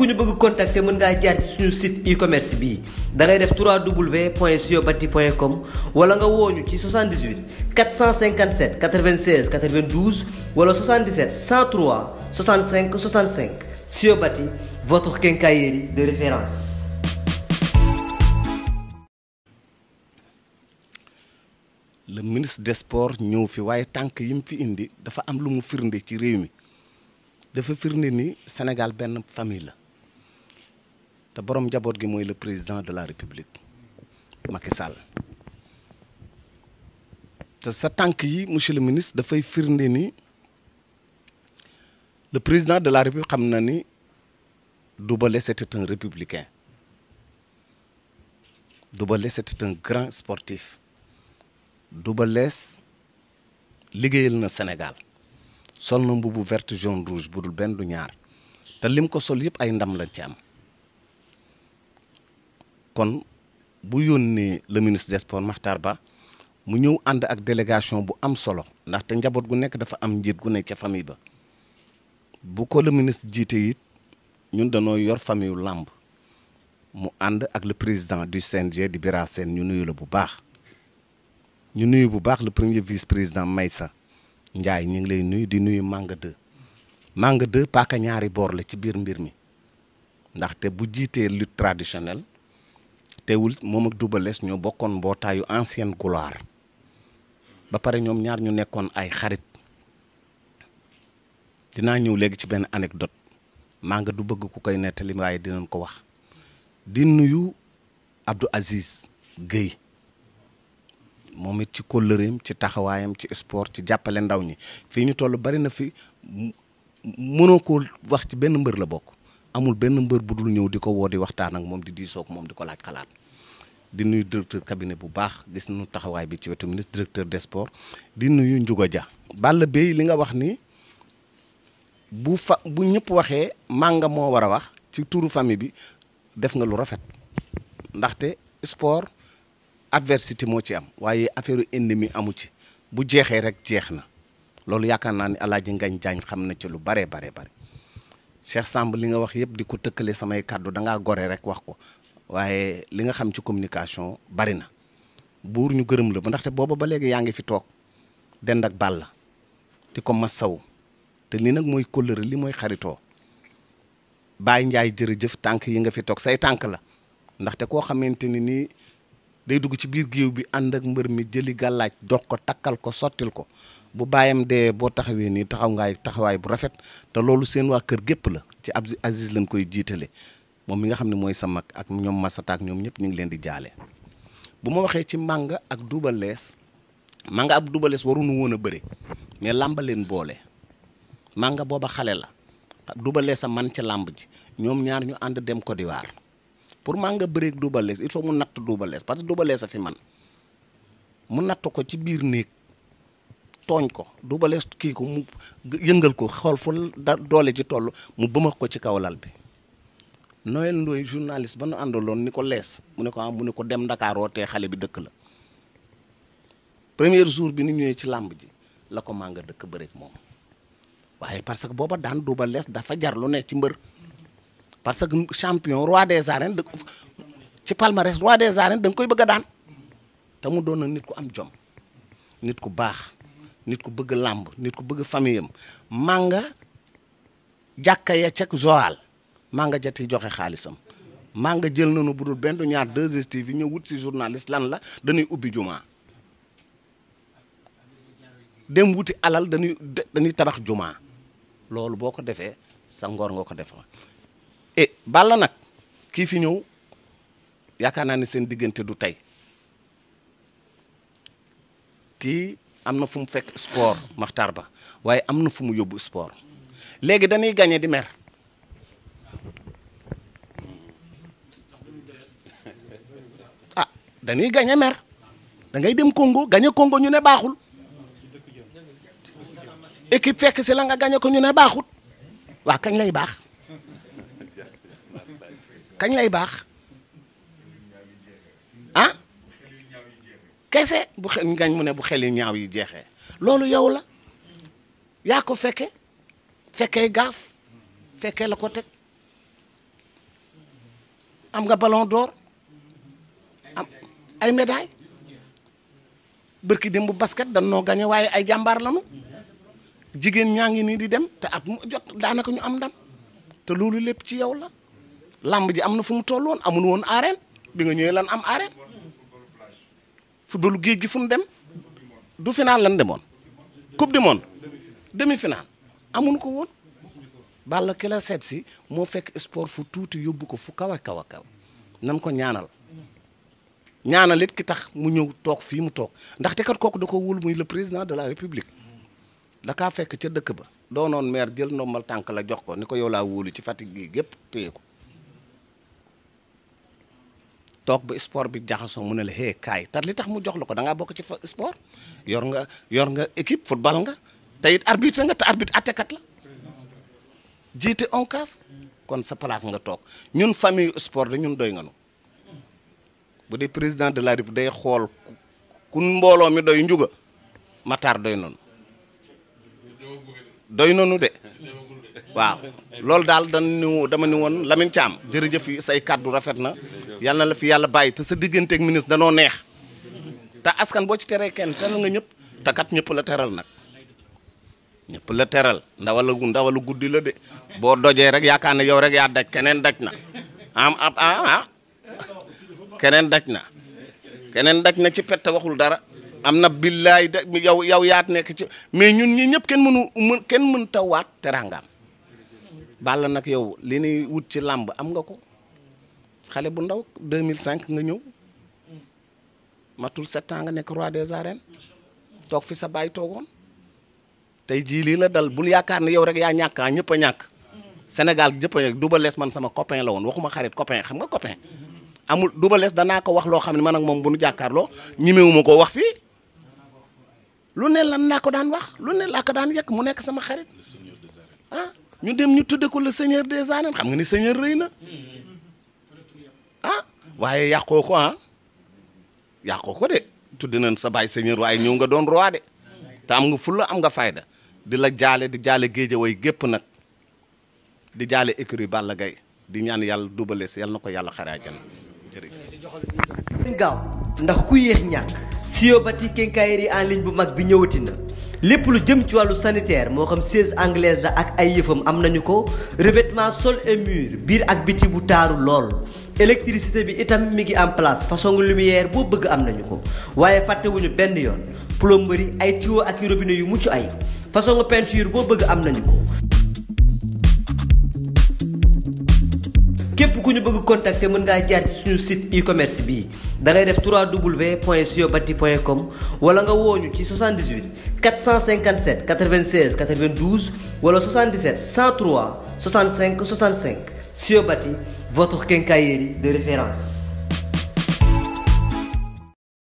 ku ñu bëgg mën ngaa jaar ci suñu commerce bii da def 3w point siobati point com wala nga wooñu ci 78 457 96 92 wala 77 103 65 65 Siobati votre quincaillerie de référence. le ministre des sports ñëw fi waaye tànk yi mu fi indi dafa am lu mu firnde ci réew mi dafa firnde ni Sénégal benn famille la. te borom njaboot gi mooy le président de la république Macky te sa tànk yi monsieur le ministre dafay firnde ni le président de la république xam na ni Doubalé c'était un républicain Doubalé c'était un grand sportif Doubalé liggéeyal na Sénégal sol na mbubu vert jaune rouge dul benn du ñaar te lim ko sol yëpp ay ndam lañ ci am. kon bu yónnee le ministre des sports Makhtar Ba mu ñëw ànd ak délégation bu am solo ndaxte njaboot gu nekk dafa am njiit gu nekk ca famille ba bu ko le ministre jiite it ñun danoo yor famille làmb mu ànd ak le président du CNG di Bira seen ñu nuyu la bu baax ñu nuyu bu baax la premier vice président Maysa Ndiaye ñu ngi lay nuyu di nuyu Manga 2 Manga 2 paaka ñaari boor la ci biir mbir mi ndaxte bu jiitee lutte traditionnelle teewul moom ak Double Less ñoo bokkoon mbootaayu ancienne gloire ba pare ñoom ñaar ñu nekkoon ay xarit dinaa ñëw léegi ci benn anecdote maa nga du bëgg ku koy nettali waaye dinañ ko wax di nuyu Abdou Aziz Guèye moom it ci kollëreem ci taxawaayam ci sport ci jàppale ndaw ñi fii ñu toll bari na fi mënoo ko wax ci benn mbër la bokk amul benn mbër bu dul ñëw di ko woo di waxtaan ak moom di diisoo ak moom di ko laaj xalaat di nuyu directeur cabinet bu baax gis nu taxawaay bi ci wetu ministre directeur des sports di nuyu Ndiouga ja Balla Bèye li nga wax ni bu fa bu ñëpp waxee mànga moo war a wax ci tuuru famille bi def nga lu rafet ndaxte sport adversité moo ci am waaye affaire ennemi amu ci bu jeexee rek jeex na loolu yaakaar naa ni Alaaji Ngañ Jaañ xam na ci lu bare bare bare Cheikh Samb li nga wax yëpp di ko tëkkale samay kàddu danga gore rek wax ko waaye li nga xam ci communication bari na buur ñu gërëm la ba ndaxte booba ba léegi yaa ngi fi toog dend ak la di ko ma saw te li nag mooy kóllëre li mooy xaritoo Baye Ndiaye jërëjëf tànk yi nga fi toog say tànk la ndaxte koo xamante ni nii day dugg ci biir géew bi ànd ak mbër mi jëli gàllaaj dox ko takkal ko sottil ko bu bàyyam dee boo taxawee nii taxaw ngaay taxawaay bu rafet te loolu seen waa kër gépp la ci ab Aziz lañ koy jiitale moom mi nga xam ne mooy sa mag ak ñoom masataak ñoom ñëpp ñu ngi leen di jaale bu ma waxee ci màng ak Double Less Manga ak Double waru waruñu woon a bëre mais làmba leen boole màng booba xale la Double Less a man ci làmb ji ñoom ñaar ñu ànd dem Côte d'Ivoire pour màng bëreek Double Less il faut mu natt Double parce que Double Less a fi man mu natt ko ci biir néeg tooñ ko Double Less kii ko mu yëngal ko xool fu doole ji toll mu bëma ko ci kaw lal bi Noël Ndoye journaliste ba nu àndaloon ni ko lees mu ne ko ah mu ne ko dem Ndakaaroo te xale bi dëkk la premier jour bi ni ñëwee ci làmb ji la ko mànga dëkk bëreek moom waaye parce que booba daan duuba lees dafa jar lu ne ci mbër parce que champion roi des arènes da ci palmarès roi des arènes da nga koy bëgg a daan te mu doon nit ku am jom nit ku baax nit ku bëgg làmb nit ko bëgg famille am mànga jàkka ya ca Joal maa nga jati joxe xaalisam maa nga jël nañu bu dul benn ñaar 2STV ñëw wut si journaliste lan la dañuy ubbi jumaa dem wuti alal dañuy dañuy tabax jumaa loolu boo ko defee sa ngor nga ko defee et eh, Balla nag kii fi ñëw yaakaar naa ne seen diggante du tey kii am na fu fekk sport maxtar Ba waaye am na fu mu yóbbu sport léegi dañuy gagné di mer. dañuy gañe mer da ngay dem Congo gañe Congo ñu ne baaxul équipe fekk si la nga gañe ko ñu ne baaxul waa kañ lay baax kañ lay baax ah kese bu xel mu ne bu xel yi ñaaw yi jeexee loolu yow la yaa ko fekke fekkee gaaf fekkee la ko teg am nga ballon door ay médailles bërki dem bu basket dañ noo gañe waaye ay jàmbaar lañu jigéen ñaa ngi nii di dem te at jot daanaka ñu am ndam te loolu lépp ci yow la làmb ji am na fu mu toll woon amul woon arène bi nga ñëwee lan am fu footballu géej gi fu mu dem du final lan demoon coupe du demi final amuñu ko woon Balla ki la seet si moo fekk sport fu tuuti yóbbu ko fu kaw a kaw a kaw nan ko ñaanal ñaana it ki tax mu ñëw toog fii mu toog ndaxte kat kooku da ko wul muy le président de la république da kaa fekk ca dëkk ba doonoon maire jël ndombal tànk la jox ko ni ko yow laa wóolu ci Fatick gi gépp téye ko toog ba sport bi jaxasoo mu ne la xee kaay tat li tax mu jox la ko da bokk ci fa sport yor nga yor nga équipe football nga te it arbitre nga te arbitre la jiite ONCAV kon sa place nga toog ñun famille sport da ñun doy nga nu bu dee président de la République day xool kun mbooloo mi doy njuga Matar doy noonu doy noonu de waaw loolu daal dañ ni dama ni woon Lamine Thiam jërëjëf yi say kàddu rafet na yàlla na la fi yàlla bàyyi te sa digganteeg ministre danoo neex te askan boo ci teree kenn teral nga ñëpp te kat ñëpp la teral nag ñëpp la teral ndawala ndawala guddi la de boo dojee rek yaakaar ne yow rek yaa daj keneen daj na am am ah, ah. keneen daj na keneen daj na ci pet waxul dara am na billaay da yow yow yaat nekk ci mais ñun ñi ñëpp kenn mënu mën kenn mën ta waat teraangaam Balla nag yow li wut ci làmb am nga ko xale bu ndaw mille cinq nga ñëw matul sept ans nga nekk roi des arènes toog fi sa baay toogoon tey jii lii la dal bul yaakaar ne yow rek yaa ñàkk ah ñëpp a ñàkk Sénégal ñëpp a ñàkk Double man sama copain la woon waxuma xarit copain xam nga copain amul Double Less danaa ko wax loo xam ne ma ak moom bu nu wu ma ko wax fi lu ne lan naa ko daan wax lu ne laa ko daan yekk mu nekk sama xarit ah ñu dem ñu tudde ko la seigneur des arènes xam nga ni seigneur rëy na ah waaye yàqoo ko ah yàqoo ko de tudde nañ sa baay seigneur waaye ñëw nga doon roi de te am nga fulla am nga fayda di la jaale di jaale géejaway gépp nag di jaale écurie Balla Gaye di ñaan yàlla Double Less yàlla na ko yàlla xare àjjana jërëjëf gaaw ndax ku yéex ñàkk siyobati kenkaayeri en ligne bu mag bi ñëwati na lépp lu jëm ci wàllu sanitaire moo xam siège anglaise la ak ay yëfam am nañu ko revêtement sol et biir ak biti bu taaru lool électricité bi itam mi ngi en place façon lumière boo bëgg am nañu ko waaye fàttewuñu benn yoon plomberie ay tuyaux ak robinet yu mucc ay façon peinture boo bëgg am nañu ko képp ku ñu bëgg contacter mën ngaa jaar ci suñu site e-commerce bii da ngay def www.siobati.com wala nga wooñu ci 78 457 96 92 wala 77 103 65 65 Siobati votre quincaillerie de référence.